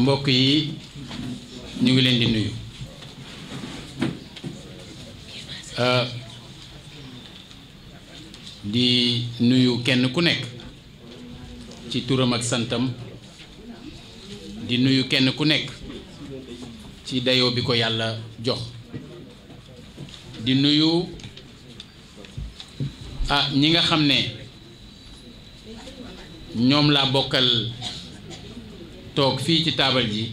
mbokk yi ñu ngi leen di nuyu euh, di nuyu kenn ku nekk ci turam ak santam di nuyu kenn ku nekk ci dayo bi ko yàlla jox di nuyu ah ñi nga xam ne ñoom laa bokkal toog fii ci taabal ji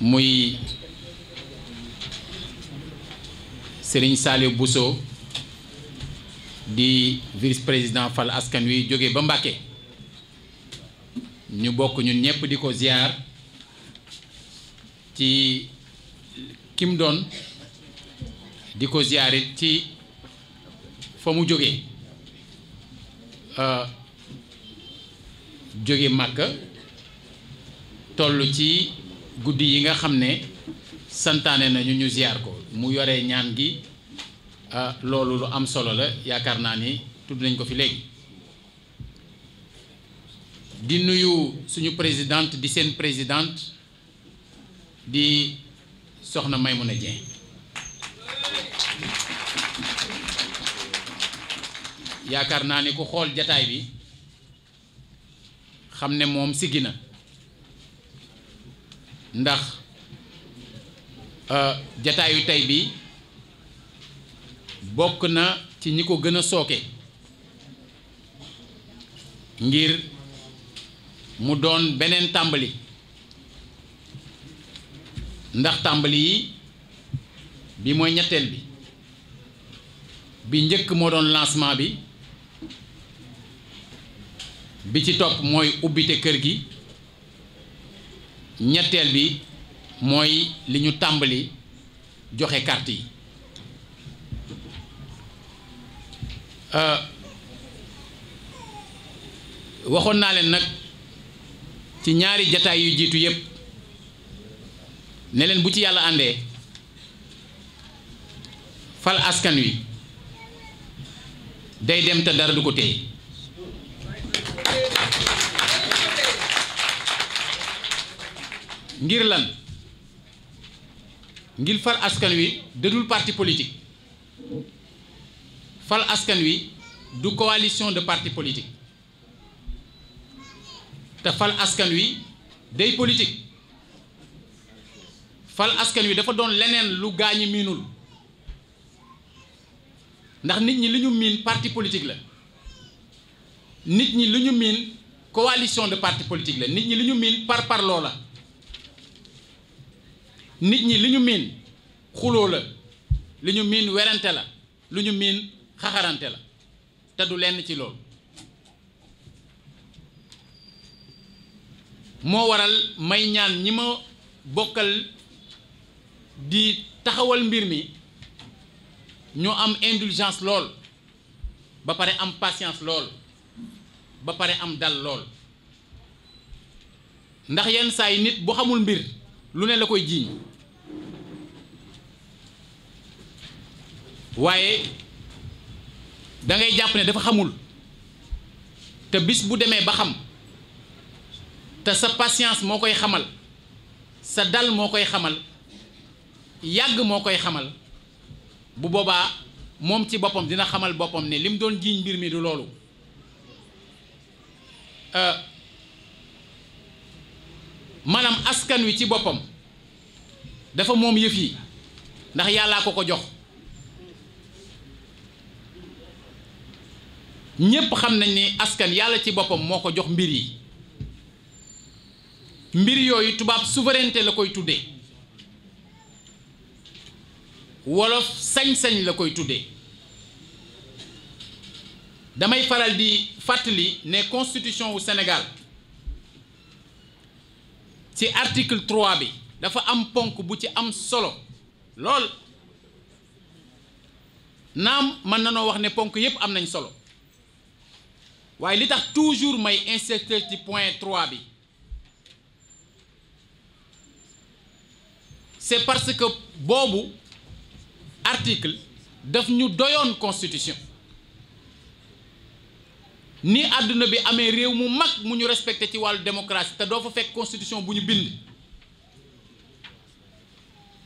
muy Serigne Saliou Bousso di vice-président Fal Askan Wi jóge ba Mbacké ñu bokk ñun ñëpp di ko ziar ci kim doon di ko ziarit ci fa mu jógee euh, jóge màkka tollu ci guddi yi nga xam ne santaane nañu ñu ziar ko mu yore ñaan gi ah, loolu lu am solo la yaakaar naa ni tudd nañ ko fi léegi di nuyu suñu présidente di seen présidente di soxna Maimouna Dieng yaakaar naa ni ku xool jataay bi xam ne moom siggi na ndax euh, jataayu tey bi bokk na ci ñi ko gën a sooke ngir mu doon beneen tàmbali ndax tàmbali yi bi mooy ñetteel bi bi njëkk moo doon lancement bi bi ci topp mooy ubbite kër gi ñetteel bi mooy li ñu tàmbali joxe carte yi euh, waxoon naa leen nag ci ñaari jataay yu jiitu yépp ne leen bu ci yàlla àndee fal askan wi day dem te dara du ko téye ngir lan ngir fal askan wi dadul parti politique fal askan wi du coalition de parti politique te fal askan wi day politique fal askan wi dafa doon leneen lu gaañu miinul ndax nit ñi li ñu miin parti politique la nit ñi li ñu miin coalition de parti politique la nit ñi li ñu miin par parloo la nit ñi li ñu miin xuloo la li ñu miin werante la lu ñu miin xaxarante la te du lenn ci lool moo waral may ñaan ñi ma bokkal di taxawal mbir mi ñu am indulgence lool ba pare am patience lool ba pare am dal lool ndax yenn saa yi nit bu xamul mbir lu ne la koy jiiñ waaye dangay jàpp ne dafa xamul te bis bu demee ba xam te sa patience moo koy xamal sa dal moo koy xamal yàgg moo koy xamal bu boobaa moom ci boppam dina xamal boppam ne li mu doon jiiñ mbir mi du loolu euh, maanaam askan wi ci boppam dafa moom yëf yi ndax yàllaa ko ko jox ñépp xam nañ ni askan yàlla ci boppam moo ko jox mbir yi mbir yooyu tubaab souveraineté la koy tuddee wolof sañ-sañ la koy tuddee damay faral di fàttali ne constitution wu Sénégal ci article troit bi dafa am ponk bu ci am solo lool naam mën nanoo wax ne ponk yépp am nañ solo waaye li tax toujours may insister ci point 3 bi c'est parce que boobu article daf ñu doyoon constitution ni àdduna bi amee réew mu mag mu ñu respecté ci wàllu démocratie te doo fa fekk constitution bu ñu bind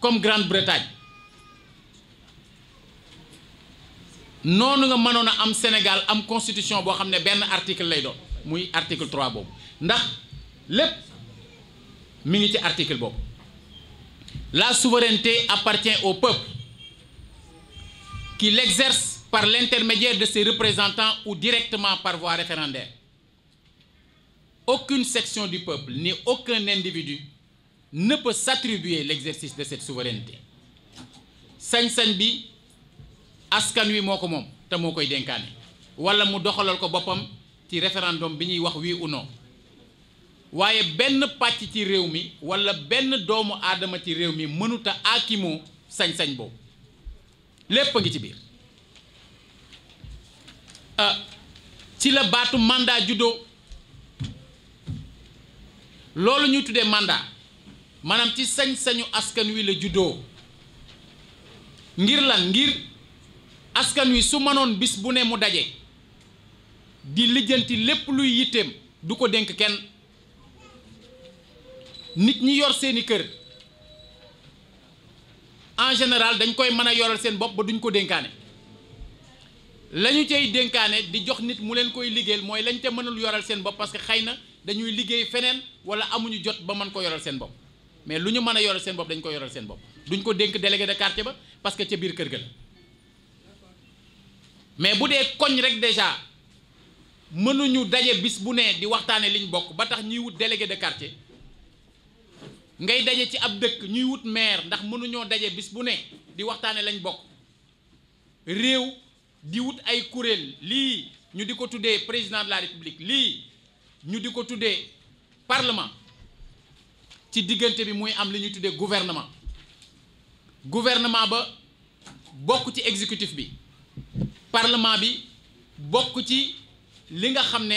comme Grande-Bretagne noonu nga mënoon a am Sénégal am constitution boo xam ne benn article lay doon muy article 3 boobu ndax lépp mu ngi ci article boobu la souveraineté appartient au peuple qui l'exerce par l'intermédiaire de ses représentant ou directement par voie référendaire aucune section du peuple ni aucun individu ne peut s'attribuer l'exercice de cette souveraineté sañ-sañ bi askan wi moo ko moom te moo koy dénkaane wala mu doxalal ko boppam ci référendum bi ñuy wax oui ou waaye benn pàcc ci réew mi walla benn doomu aadama ci réew mi mënuta aakimoo sañ-sañ boobu lépp a ngi ci biir euh, ci la baatu màndaa juddoo loolu ñu tuddee mandat maanaam ci sañ-sañu askan wi la juddoo ngir lan ngir askan wi su mënoon bis bu ne mu dajee di lijjanti lépp luy yitteem du ko dénk kenn nit ñi yor seeni kër en général dañ koy mën a yoral seen bopp ba duñ ko dénkaane lañu cay dénkaane di jox nit mu leen koy liggéeyal mooy lañ te mënul yoral seen bopp parce que xëy na dañuy liggéey feneen wala amuñu jot ba mën ko yoral seen bopp mais lu ñu mën a yoral seen bopp dañ ko yoral seen bopp duñ ko dénk délégué de quartier ba parce que ca biir kër ga mais bu dee koñ rek déjà mënuñu daje bis bu ne di waxtaane liñ bokk ba tax ñuy wut délégué de quartier ngay daje ci ab dëkk ñuy wut maire ndax mënuñoo daje bis bu ne di waxtaane lañ bokk réew di wut ay kuréel lii ñu di ko tuddee président de la république lii ñu di ko tuddee parlement ci diggante bi muy am li ñuy tuddee gouvernement gouvernement ba bokk ci exécutif bi parlement bi bokk ci li nga xam ne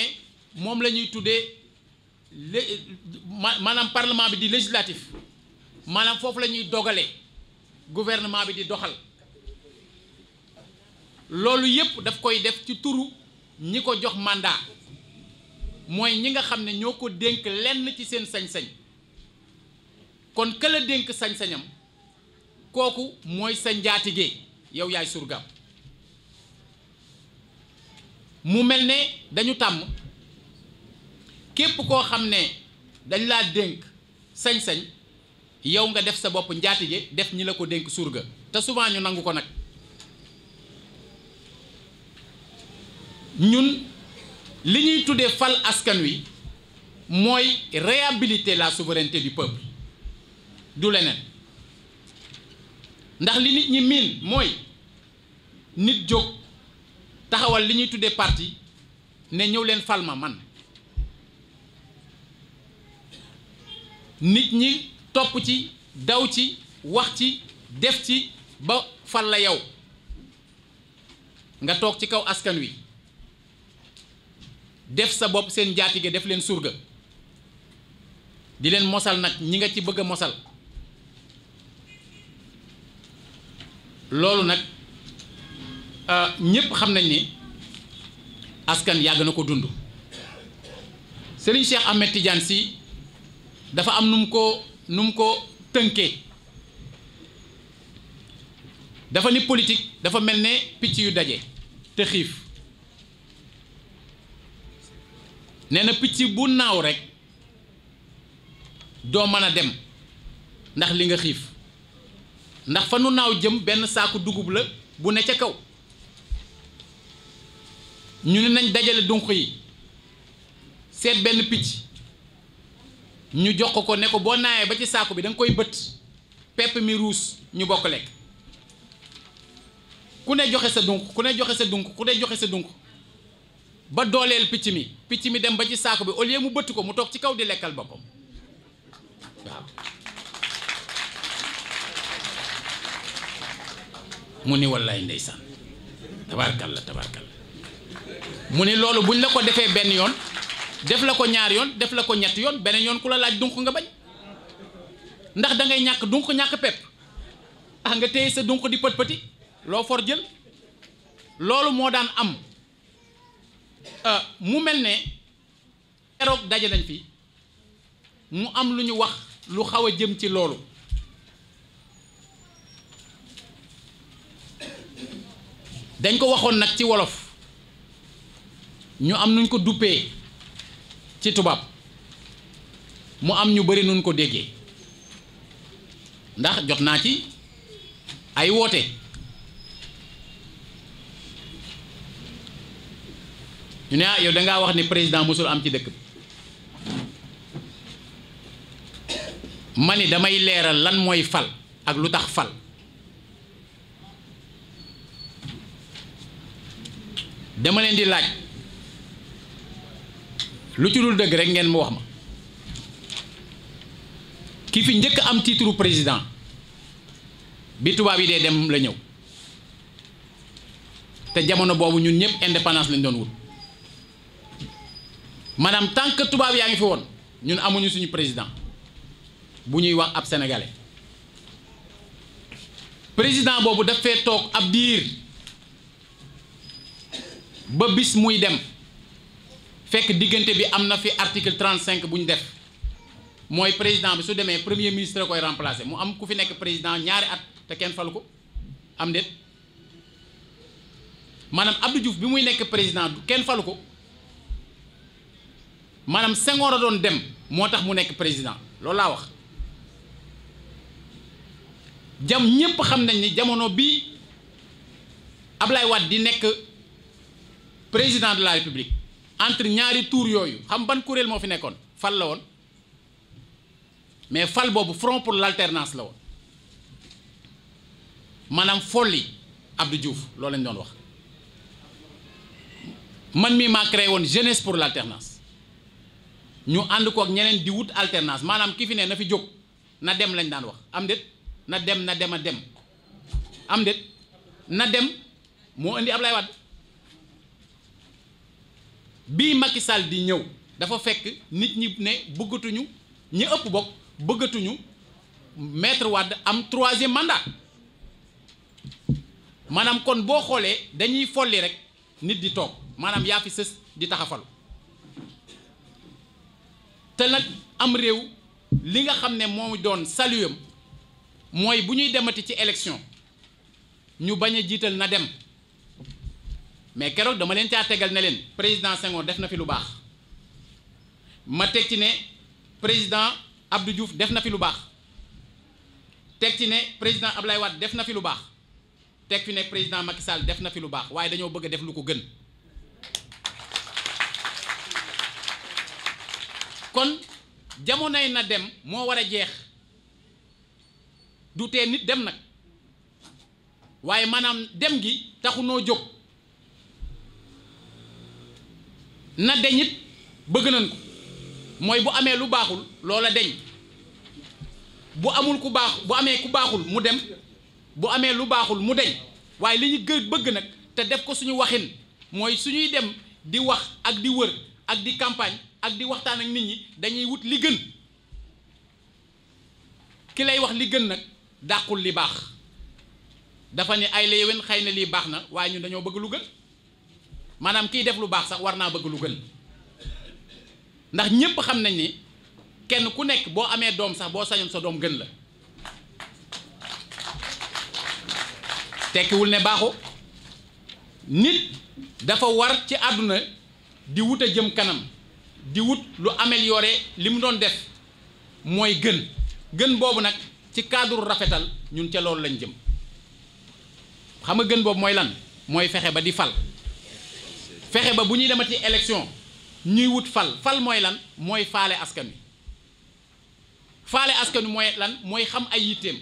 moom la ñuy tuddee maanaam parlement bi di législatif maanaam foofu la ñuy dogalee gouvernement bi di doxal loolu yépp daf koy def ci turu ñi ko jox mandat mooy ñi nga xam ne ñoo ko dénk lenn ci seen sañ-sañ kon ka la dénk sañ-sañam kooku mooy sa njaatige yow yaay surgaam mu mel ne dañu tàmm képp koo xam ne dañ laa dénk sañ-sañ yow nga def sa bopp njaatige def ñi la ko dénk surga te souvent ñu nangu ko nag ñun li ñuy tuddee fal askan wi mooy réyabilité la souveraineté du peuple du leneen ndax li nit ñi miin mooy nit jóg taxawal li ñuy tuddee parti ne ñëw leen fal ma man nit ñi topp ci daw ci wax ci def ci ba fal la yow nga toog ci kaw askan wi def sa bopp seen njaatige def leen surga di leen mosal nag ñi nga ci bëgg a mosal loolu nag Euh, ñépp xam nañ ni askan yàgg na ko dund Serigne Cheikh Ahmed Tidiane si dafa am nu mu ko nu mu ko tënkee dafa ni politique dafa mel ne picc yu daje te xiif nee na picc bu naaw rek doo mën a dem ndax li nga xiif ndax fa nu naaw jëm benn saaku dugub la bu ne ca kaw ñu ne nañ dajale dunq yi seet benn picc ñu jox ko ne ko boo naawee ba ci saako bi danga koy bët pepp mi ruus ñu bokk lekk ku ne joxe sa dunq ku ne joxe sa dunq ku ne joxe sa dunq ba dooleel picc mi picc mi dem ba ci saako bi au lieu mu bëtt ko mu toog ci kaw di lekkal boppam waaw mu ni wallaay ndeysaan tabaarkalla tabaarkalla mu ni loolu buñ la ko defee benn yoon def la ko ñaar yoon def la ko ñett yoon beneen yoon ku la laaj dunq nga bañ ndax dangay ngay ñàkk dunq ñàkk pepp ah nga téye sa dunq di pët pëti loo for jël loolu moo daan am ah, mu mel ne keroog daje nañ fi mu am lu ñu wax lu xaw a jëm ci loolu dañ ko waxoon nag ci wolof ñu am nuñ ko duppee ci tubaab mu am ñu bari nuñ ko déggee ndax jox naa ci ay woote ñu ne ah yow dangaa wax ni président mosul am ci dëkk bi ma ni damay leeral lan mooy fal ak lu tax fal dama leen di laaj lu ci dul dëgg rek ngeen mu wax ma ki fi njëkk am titre président bi tubaab yi dee dem la ñëw te jamono boobu ñun ñëpp indépendance lañ doon wut maanaam tant que tubaab yaa ngi fi woon ñun amuñu suñu président bu ñuy wax ab sénégalais président boobu daf toog ab diir ba bis muy dem. fekk diggante bi am na fi article 35 bu ñu def mooy président bi su demee premier ministre koy remplacer mu am ku fi nekk président ñaari at te kenn falu ko am déet maanaam Abdou Diouf bi muy nekk président kenn falu ko maanaam Senghor a doon dem moo tax mu nekk président loolu laa wax jam ñépp xam nañ ni jamono bi Ablaye Wade di nekk président de la République entre ñaari tour yooyu xam ban kuréel moo fi nekkoon fal la woon mais fal boobu front pour l'alternance la woon maanaam folli abdu Diouf loolu lañ doon wax man mii maa créé woon jeunesse pour l'alternance ñu ànd ko ak ñeneen di wut alternance maanaam ki fi ne na fi jóg na dem lañ daan wax am déet na dem na dem a dem am déet na dem moo indi Ablaye Wade bii Macky Sall di ñëw dafa fekk nit ñi ne bëggatuñu ñi ëpp bokk bëggatuñu maître Wade am troisième mandat maanaam kon boo xoolee dañuy folli rek nit di toog maanaam yaa fi sës di taxafal te nag am réew li nga xam ne moo doon saluam mooy bu ñuy demati ci élection ñu bañ a jiital na dem mais keroog dama leen caa tegal na leen président Senghor def na fi lu baax ma teg ci ne président Abdou Diouf def na fi lu baax teg ci ne président Ablaye waat def na fi lu baax teg fi ne président Macky Sall def na fi lu baax waaye dañoo bëgg def lu ko gën kon jamonoy na dem moo war a jeex du tee nit dem nag waaye maanaam dem gi taxu noo jóg na deñ it bëgg nañ ko mooy bu amee lu baaxul loola deñ bu amul ku baax bu amee ku baaxul mu dem bu amee lu baaxul mu deñ waaye li ñu gën bëgg nag te def ko suñu waxin mooy suñuy dem di wax ak di wër ak di campagne ak di waxtaan ak nit ñi dañuy wut li gën ki lay wax li gën nag dàqul li baax dafa ne ay la yewén xëy na lii baax na waaye ñu dañoo bëgg lu gën maanaam kiy def lu baax sax war naa bëgg lu gën ndax ñépp xam nañ ni kenn ku nekk boo amee doom sax boo sañoon sa doom gën la tekkiwul ne baaxu nit dafa war ci àdduna di wut a jëm kanam di wut lu améliorer li mu doon def mooy gën gën boobu nag ci cadre rafetal ñun ca loolu lañ jëm xam nga gën boobu mooy lan mooy fexe ba di fal fexe ba bu ñuy demati élection ñuy wut fal fal mooy lan mooy faale askan wi faale askan wi mooy lan mooy xam ay yitteem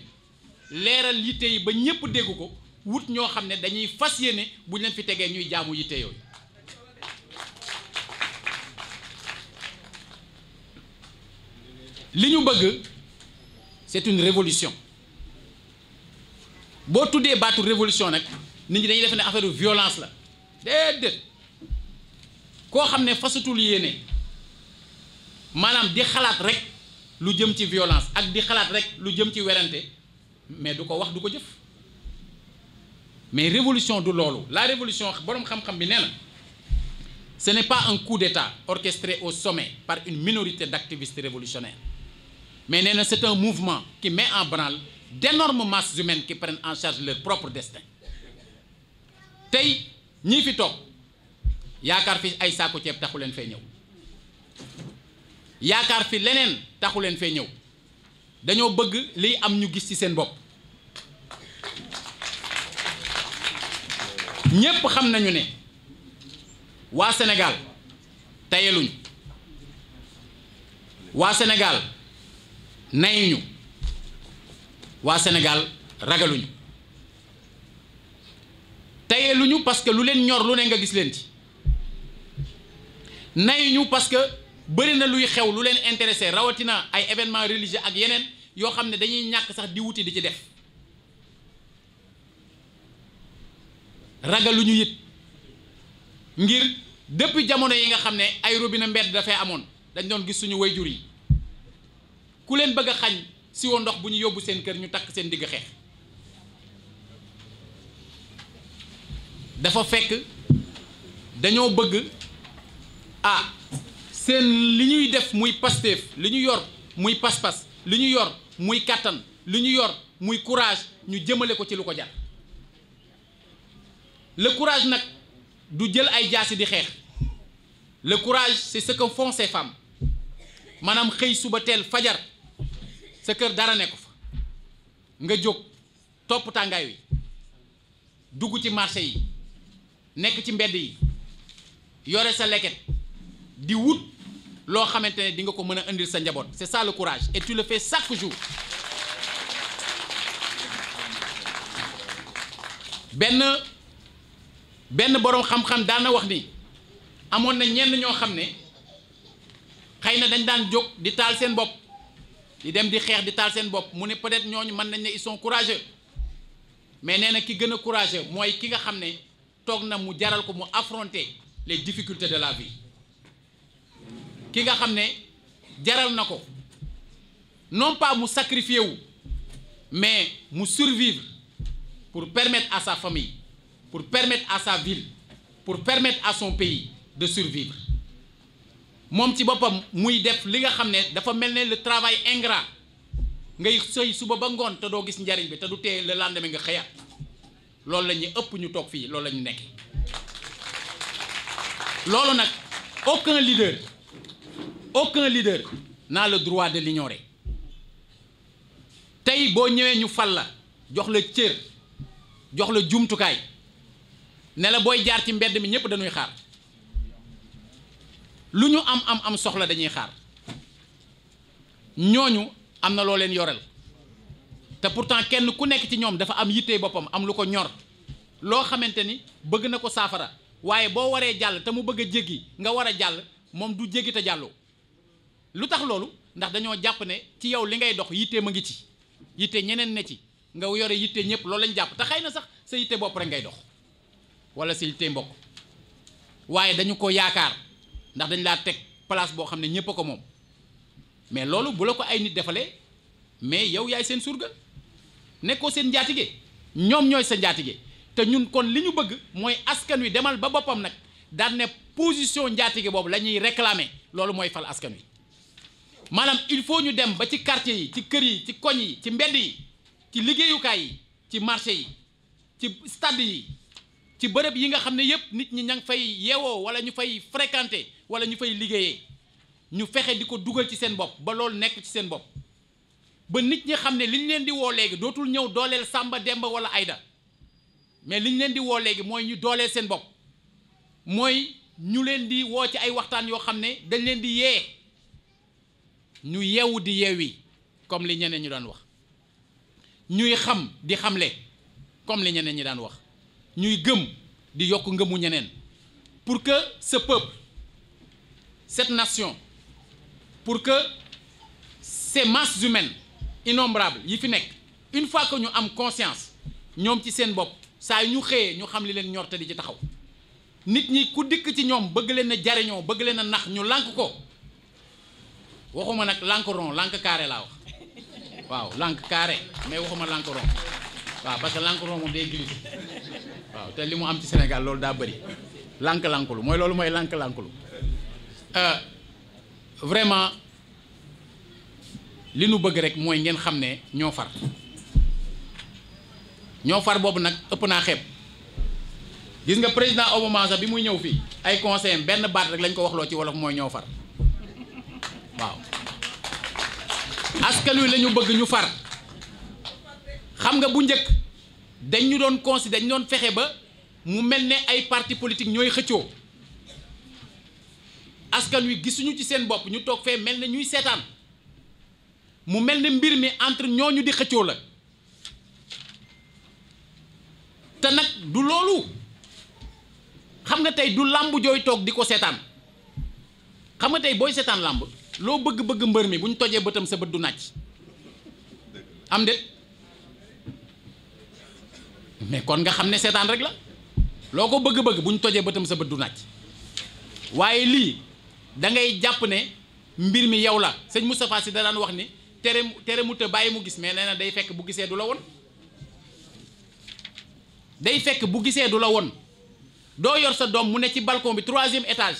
leeral yitte yi ba ñépp dégg ko wut ñoo xam ne dañuy fas yéene buñ leen fi tegee ñuy jaamu yitte yooyu li ñu bëgg c'est une révolution boo tuddee baatu révolution nag nit ñi dañuy def ne affaire violence la déedéet koo xam ne fasatul yéene maanaam di xalaat rek lu jëm ci violence ak di xalaat rek lu jëm ci werante mais du ko wax du ko jëf mais révolution du loolu la révolution boroom xam-xam bi nee na ce n'est pas un coup d'État orchestré au sommet par une minorité d'activistes révolutionnaires mais nee na c'est un mouvement qui mais en branle d'énormes masses humaines qui prennent en charge leur propre destin tey ñii fi toog yaakaar fi ay saaku ceeb taxu leen fee ñëw yaakaar fi leneen taxu leen fee ñëw dañoo bëgg liy am ñu gis ci seen bopp ñépp xam nañu ne waa Sénégal tayeluñu waa Sénégal nayuñu waa Sénégal ragaluñu tayeluñu parce que lu leen ñor lu ne nga gis leen ci nay ñu parce que bëri na luy xew lu leen intéressé rawatina ay événement religieux ak yeneen yoo xam ne dañuy ñàkk sax di wuti di ci def ragaluñu it ngir depuis jamono yi nga xam ne ay robinet mbedd dafay amoon dañu doon gis suñu wayjur yi ku leen bëgg xañ si ndox bu ñu yóbbu seen kër ñu takk seen digg xeex dafa fekk dañoo bëgg a ah, seen li ñuy def muy Pastef li ñu yor muy pas li ñu yor muy kàttan li ñu yor muy courage ñu jëmale ko ci lu ko jar le courage nag du jël ay jaasi di xeex le courage c'est ce que font ces femmes maanaam xëy suba teel fajar sa kër dara ne ko fa nga jóg topp tàngaay wi dugg ci marché yi nekk ci mbedd yi yore sa leket di wut loo xamante ne di nga ko mën a indil sa njaboot ce ça le courage et tu le fais chaque jour benn benn boroom xam-xam daana wax ni amoon na ñenn ñoo xam ne xëy na dañ daan jóg di taal seen bopp di dem di xeex di taal seen bopp mu ne peut-être ñooñu mën nañ ne ils sont mais nee na ki gën a courageux mooy ki nga xam ne toog na mu jaral ko mu affronter les difficultés de la vie ki nga xam ne jaral na ko non pas mu sacrifier wu mais mu survivre pour permettre à sa famille pour permettre à sa ville pour permettre à pays de survivre moom ci boppam muy def li nga xam ne dafa mel ne le travail ingrat ngay sëy suba ba ngoon te doo gis njariñ bi te du tee le lendemain nga xëyaat loolu la ñuy ëpp ñu toog fii loolu lañu nekk loolu nag aucun leader aucun leader naa la droit de li l'ignorer tey boo ñëwee ñu fal la jox la cër jox la jumtukaay ne la booy jaar ci mbedd mi ñëpp dañuy xaar lu ñu am am am soxla dañuy xaar ñooñu am na loo leen yoreel te pourtant kenn ku nekk ci ñoom dafa am yitte boppam am lu ko ñor loo xamante ni bëgg na ko saafara waaye boo waree jàll te mu bëgg a jéggi nga war a jàll moom du jéggi te jàlloo lu tax loolu ndax dañoo jàpp ne ci yow li ngay dox yitte ma ngi ci yitte ñeneen na ci nga yore yitte ñëpp loolu lañ jàpp te xëy na sax sa yitte bopp rek ngay dox wala sa yitte mbokk waaye dañu ko yaakaar ndax dañ laa teg place boo xam ne ñëpp a ko moom mais loolu bu la ko ay nit defalee mais yow yaay seen surga nekkoo seen njaatige ñoom ñooy sa njaatige te ñun kon li ñu bëgg mooy askan wi demal ba boppam nag daan ne position njaatige boobu la ñuy réclamer loolu mooy fal askan wi. maanaam il faut ñu dem ba ci quartier yi ci kër yi ci koñ yi ci mbedd yi ci liggéeyukaay yi ci marché yi ci stade yi ci bërëb yi nga xam ne yëpp nit ñi ña ngi fay yeewoo wala ñu fay fréquenter wala ñu fay liggéeyee ñu fexe di ko dugal ci seen bopp ba loolu nekk ci seen bopp ba nit ñi xam ne li ñu leen di woo léegi dootul ñëw dooleel sàmba Demba wala Ayda mais li ñu leen di woo léegi mooy ñu dooleel seen bopp mooy ñu leen di woo ci ay waxtaan yoo xam ne dañ leen di yee. ñu yeewu di yeewi comme li ñeneen ñu daan wax ñuy xam di xamle comme li ñeneen ñi daan wax ñuy gëm di yokk ngëmu ñeneen pour que ce peuple cette nation pour que ces masses humaines innombrables yi fi nekk une fois que ñu am conscience ñoom ci seen bopp saa yu ñu xëyee ñu xam li leen ñor te ci taxaw nit ñi ku dikk ci ñoom bëgg leen a jariñoo bëgg leen a nax ñu lànk ko waxuma nag lank rond lank carré laa wax waaw lank carré mais waxuma lank rond waaw parce que lank rond moom day glissé waaw te li mu am ci senegal loolu daa bëri lànk lankulu mooy loolu mooy lànk lank lankulu euh, vraiment li nu bëgg rek mooy ngeen xam ne ñoo far ñoo far boobu nag ëpp naa xep gis nga président Obama sax bi mu ñëw fii ay conseil benn baat rek lañ ko waxloo ci wolof mooy ñoo far askan wi la ñu bëgg ñu far xam nga bu njëkk dañ doon consi dañ doon fexe ba mu mel ni ay parti politique ñooy xëccoo askan wi gisuñu ci seen bopp ñu toog fee mel ne ñuy seetaan mu mel ni mbir mi entre ñoo ñu di xëccoo la te nag du loolu xam nga tey du làmb jooy toog di ko seetaan xam nga tey booy seetaan làmb loo bëgg-bëgg mbër mi bu ñu tojee bëtam sa bët du nàcc am de mais kon nga xam ne seetaan rek la loo ko bëgg-bëgg bu ñu tojee bëtam sa bët du nàcc waaye lii dangay jàpp ne mbir mi yow la sëñ Moustapha Sy da daan wax ni tere tere mu te bàyyi mu gis mais nee na day fekk bu gisee du la woon day fekk bu gisee du la woon doo yor sa doom mu ne ci balkon bi troisième étage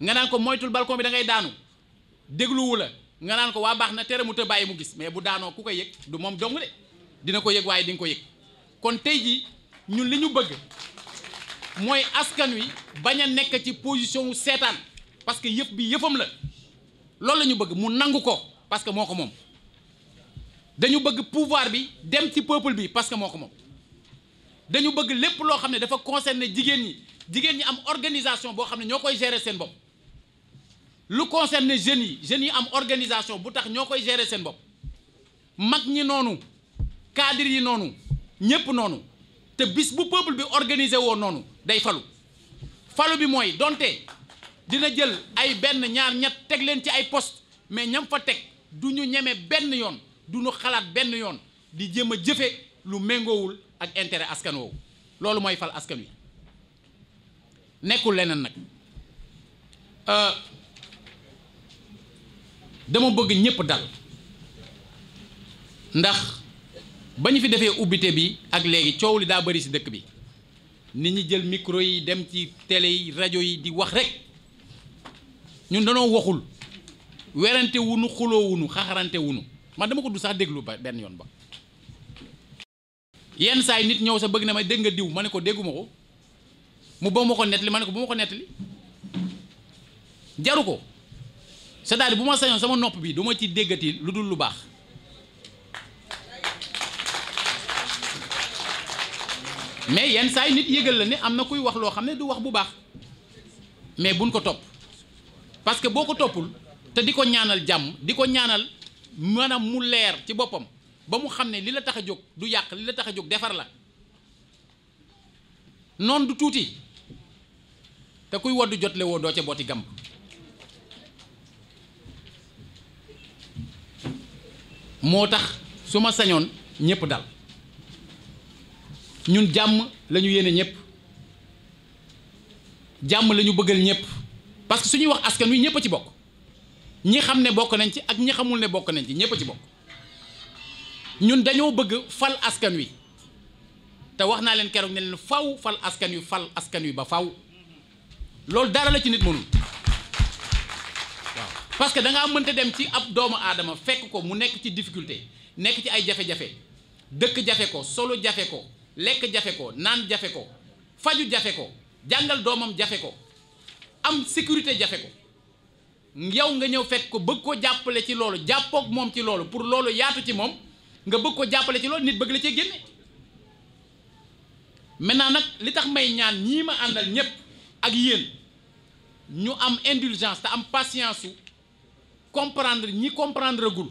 nga naan ko moytul balkon bi da ngay daanu. dégluwu la nga naan ko waa baax na tere mu te bàyyi mu gis mais bu daanoo ku ko yëg du moom dong de dina ko yëg waaye di ko yëg kon tey jii ñun li ñu bëgg mooy askan wi bañ a nekk ci position wu seetaan parce que yëf bi yëfam la loolu la ñu bëgg mu nangu ko parce que moo ko moom dañu bëgg pouvoir bi dem ci peuple bi parce que moo ko moom dañu bëgg lépp loo xam ne dafa concerner jigéen ñi jigéen ñi am organisation boo xam ne ñoo koy gérer seen bopp lu concerne jeunes yi jeunes yi am organisation bu tax ñoo koy gérer seen bopp mag ñi noonu cadre yi noonu ñépp noonu te bis bu peuple bi organisé woon noonu day falu falu bi mooy donte dina jël ay benn ñaar ñett teg leen ci ay poste mais ñam fa teg du ñu ñeme benn yoon du ñu xalaat benn yoon di jéem a jëfe lu méngoowul ak intérêt askan woowu loolu mooy fal askan wi nekkul leneen nag euh, dama bëgg ñëpp dal ndax ba ñu fi defee ubbite bi ak léegi coow li daa bari si dëkk bi nit ñi jël micro yi dem ci télé yi rajo yi di wax rek ñun danoo waxul werante wunu xuloo wunu xaxarante wunu man dama ko du sax déglu ba benn yoon ba yenn saa yi nit ñëw sa bëgg na ma dégg nga diw ma ne ko dégguma ko mu ba ma ko nettali ma ne ko bu ma ko nettali jaru ko cest à bu ma sañoon sama nopp bi duma ma ci déggati lu dul lu baax mais yenn saa yi nit yëgal la ne am na kuy wax loo xam ne du wax bu baax mais buñ ko topp parce que boo ko toppul te di ko ñaanal jàmm di ko ñaanal maanaam mu leer ci boppam ba mu xam ne li la tax a jóg du yàq li la tax a jóg defar la noonu du tuuti te kuy waddu jotle woo doo ca booti gàmb moo tax su ma sañoon ñëpp dal ñun jàmm lañu ñu yéene ñëpp jàmm lañu ñu bëggal ñëpp parce que su ñuy wax askan wi ñëpp a ci bokk ñi xam ne bokk nañ ci ak ñi xamul ne bokk nañ ci ñëpp a ci bokk ñun dañoo bëgg fal askan wi te wax naa leen keroog ne leen faw fal askan wi fal askan wi ba faw loolu dara la ci nit mënul. parce que da ngaa mënta dem ci ab doomu aadama fekk ko mu nekk ci difficulté nekk ci ay jafe-jafe dëkk jafe ko solo jafe ko lekk jafe ko naan jafe ko faju jafe ko jàngal doomam jafe ko am sécurité jafe ko yow nga ñëw fekk ko bëgg ko jàppale ci loolu jàppook moom ci loolu pour loolu yaatu ci moom nga bëgg ko jàppale ci loolu nit bëgg la cee génne maintenant nag li tax may ñaan ñii ma àndal ñépp ak yéen ñu am indulgence te am patience su comprendre ñi comprendre gul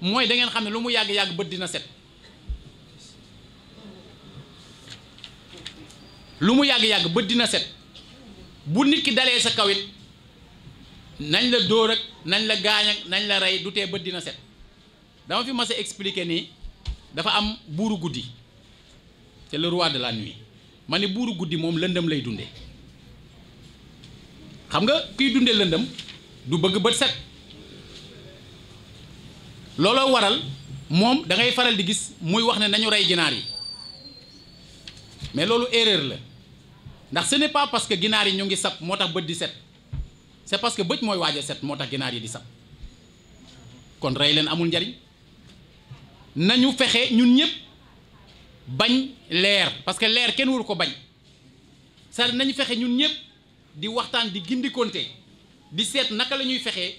mooy dangeen xam ne lu mu yàgg-yàgg bët dina set lu mu yàgg-yàgg bët dina set bu nit ki dalee sa kaw nañ la dóor ak nañ la gaañ ak nañ la rey du tee bët dina set dama fi mas a expliquer nii dafa am buuru guddi c'est le roi de la nuit ma ne buuru guddi moom lëndëm lay dundee xam nga kiy dundee lëndëm du bëgg bët set looloo waral moom dangay faral di gis muy wax ne nañu rey ginaar yi mais loolu erreur la ndax ce n'est pas que ginaar yi ñu ngi sab moo tax bët di set c'est parce que bët mooy waaj set moo tax ginaar yi di sab kon rey leen amul njariñ nañu fexe ñun ñëpp bañ leer parce que leer kenn waru ko bañ c'est nañu fexe ñun ñëpp di waxtaan di gindi konte di seet naka la ñuy fexee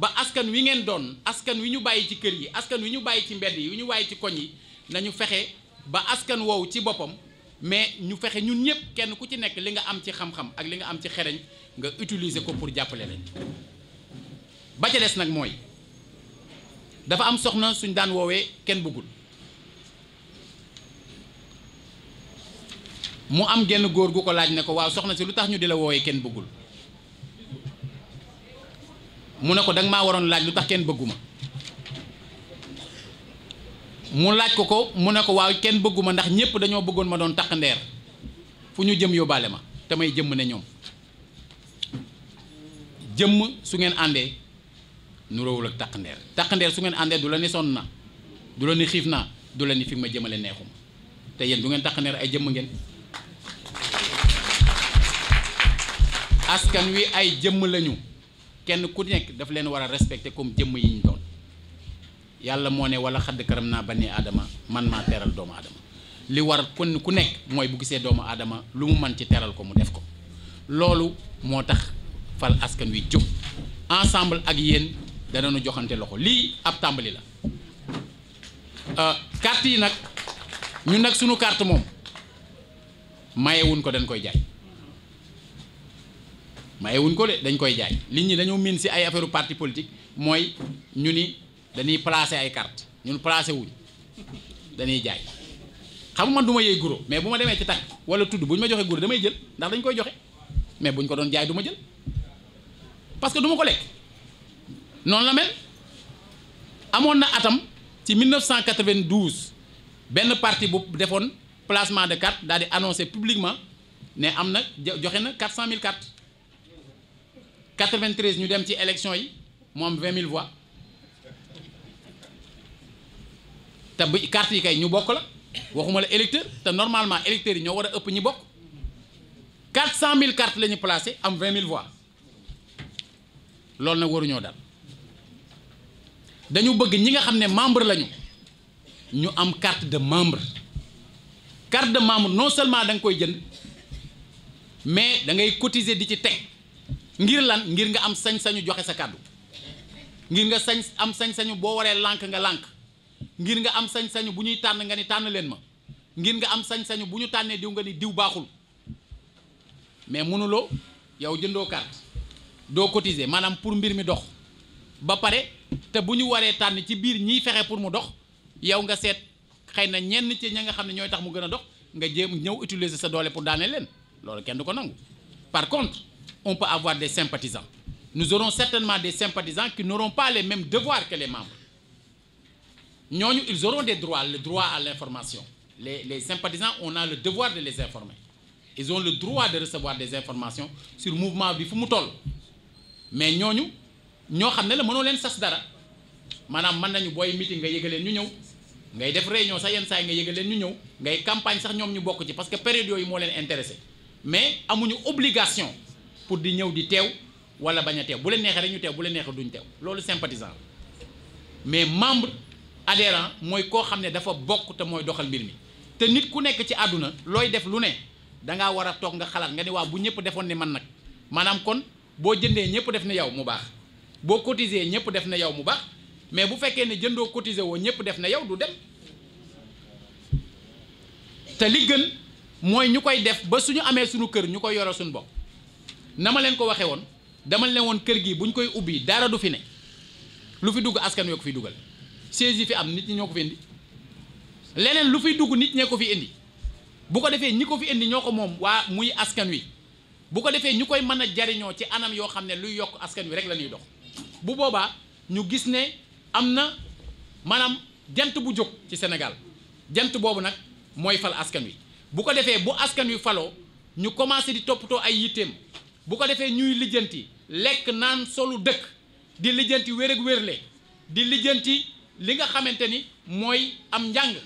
ba askan wi ngeen doon askan wi ñu bàyyi ci kër yi askan wi ñu bàyyi ci mbedd yi wi ñu bàyyi ci koñ yi nañu fexe ba askan woowu ci boppam mais ñu fexe ñun ñëpp kenn ku ci nekk li nga am ci xam-xam ak li nga am ci xereñ nga utiliser ko pour jàppale leen ba ca des nag mooy dafa am soxna suñ daan woowee kenn bëggul mu am genn góor gu ko laaj ne ko waaw soxna si lu tax ñu di la woowee kenn bëggul mu ne ko danga maa waroon laaj lu tax kenn bëgguma mu laaj ko ko mu ne ko waaw kenn bëgguma ndax ñépp dañoo bëggoon ma doon taq ndeer fu ñu jëm yóbbaale ma te may jëmm ne ñoom jëmm su ngeen àndee nuroowul ak taq ndeer taq ndeer su ngeen àndee du la ni sonn na du la ni xiif naa du la ni fi ma jëmale neexuma te yéen du ngeen taq ndeer ay jëmm ngeen askan wi ay jëmm lañu kenn ku nekk daf leen war a respecté comme jëmm yi ñu doon yàlla moo ne wala xadd karam naa bani aadama man maa teral doomu aadama li war kon ku nekk mooy bu gisee doomu aadama lu mu mën ci teral ko mu def ko loolu moo tax fal askan wi jóg ensemble ak yéen danañu joxante loxo lii ab tàmbali la euh, carte yi nag ñun nag sunu carte moom wun ko dañ koy jaay wuñ ko de dañ koy jaay nit ñi dañoo miin si ay affaire parti politique mooy ñu ni dañuy placer ay carte ñun placer wuñ dañuy jaay xam man du ma guro mais bu ma demee ci tànk wala tudd bu ñu ma joxee guro damay jël ndax dañ koy joxe mais buñ ko doon jaay du ma jël parce que duma ko lekk noonu la mel amoon na atam ci 1992 benn parti bu defoon placement de carte daal di annoncé publiquement ne am na joxe na cent mille cartes 93 ñu dem ci élection yi mu am 20 000 voix te bu carte yi kay ñu bokk la waxuma la électeur te normalement électeurs yi ñoo war a ëpp ñi bokk 400 000 mille la lañu placé am 20 000 voix loolu na waruñoo dal dañu bëgg ñi nga xam ne membre lañu ñu am carte de membre carte de membre non seulement da nga koy jënd mais da ngay cotiser di ci teg. ngir lan ngir nga am sañ-sañu joxe sa kàddu ngir nga sañ am sañ-sañu boo waree lànk nga lànk ngir nga am sañ-sañu bu ñuy tànn nga ni tànn leen ma ngir nga am sañ-sañu bu ñu tànnee diw nga ni diw baaxul mais mënuloo yow jëndoo carte doo cotiser maanaam pour mbir mi dox ba pare te bu ñu waree tànn ci biir ñiy fexe pour mu dox yow nga seet xëy na ñenn ci ña nga xam ne ñooy tax mu gën a dox nga jéem ñëw utiliser sa doole pour daane leen loolu kenn du ko nangu on peut avoir des sympathisants. Nous aurons certainement des sympathisants qui n'auront pas les mêmes devoirs que les membres. ñooñu ils auront des droits le droit à l'information les les sympathisants on a le devoir de les informer ils ont le droit de recevoir des information sur mouvement bi fu mu toll mais ñooñu ñoo xam ne la mënoo leen sas dara maanaam mën nañu booy meeting nga yëgaleen ñu ñëw ngay def réunion sax yenn saa nga nga leen ñu ñëw ngay campagne sax ñoom ñu bokk ci parce que période yooyu moo leen intéressé mais amuñu obligation pour di ñëw di teew wala bañ a teew bu leen neexee ñu teew bu leen neexee duñ teew loolu sympathisant la mais membre adhérent mooy koo xam ne dafa bokk te mooy doxal mbir mi te nit ku nekk ci àdduna looy def lu ne dangaa war a toog nga xalaat nga ne waaw bu ñëpp defoon ne man nag maanaam kon boo jëndee ñëpp def na yow mu baax boo cotisé ñëpp def na yow mu baax mais bu fekkee ne jëndoo cotisé woo ñëpp def na yow du dem te li gën mooy ñu koy def ba suñu amee suñu kër ñu koy yore suñu bopp na ma leen ko waxee woon demal leen woon kër gi bu ñu koy ubbi dara du fi ne lu fi dugg askan wi ko fi dugal siège yi fi am nit ñi ñoo ko fi indi leneen lu fiy dugg nit ñee ko fi indi bu ko defee ñi ko fi indi ko moom waa muy askan wi bu ko defee ñu koy mën a jariñoo ci anam yoo xam ne luy yokk askan wi rek la ñuy dox bu boobaa ñu gis ne am na maanaam jant bu jóg ci Sénégal jant boobu nag mooy fal askan wi bu ko defee bu askan wi faloo ñu commencé di toppatoo ay yitteem bu ko defee ñuy lijjanti lekk naan solu dëkk di lijjanti wér ak wérle di lijjanti li nga xamante ni mooy am njàng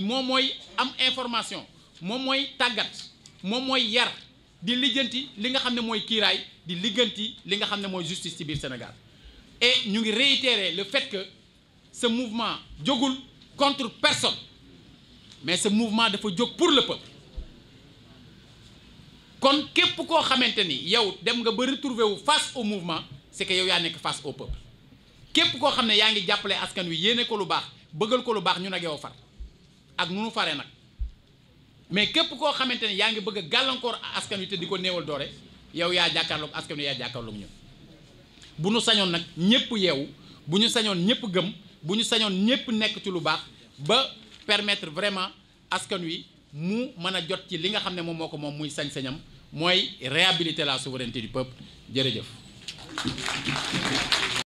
moo mooy am information moom mooy tàggat moom mooy yar di lijjanti li nga xam ne mooy kiiraay di ligganti li nga xam ne mooy justice ci biir Sénégal e ñu ngi réitérer le fait que ce mouvement jógul contre personne mais sa mouvement dafa jóg pour la peuple kon képp koo xamante ni yow dem nga ba retrouver wu face au mouvement c'est que yow yaa nekk face au peuple képp koo xam ne yaa ngi jàppale askan wi yéene ko lu baax bëggal ko lu baax ñu ak yow far ak nu nu faree nag mais képp koo xamante ne yaa ngi bëgg a gàllankoor askan wi te di ko néewal doore yow yaa jàkkaarloog askan wi yaa jàkkaarloog ñun bu ñu sañoon nag ñépp yeewu bu ñu sañoon ñépp gëm bu ñu sañoon ñépp nekk ci lu baax ba permettre vraiment askan wi mu mën a jot ci li nga xam ne moom moo ko moom muy sañ-sañam mooy réhabiliter la souveraineté du peuple jërëjëf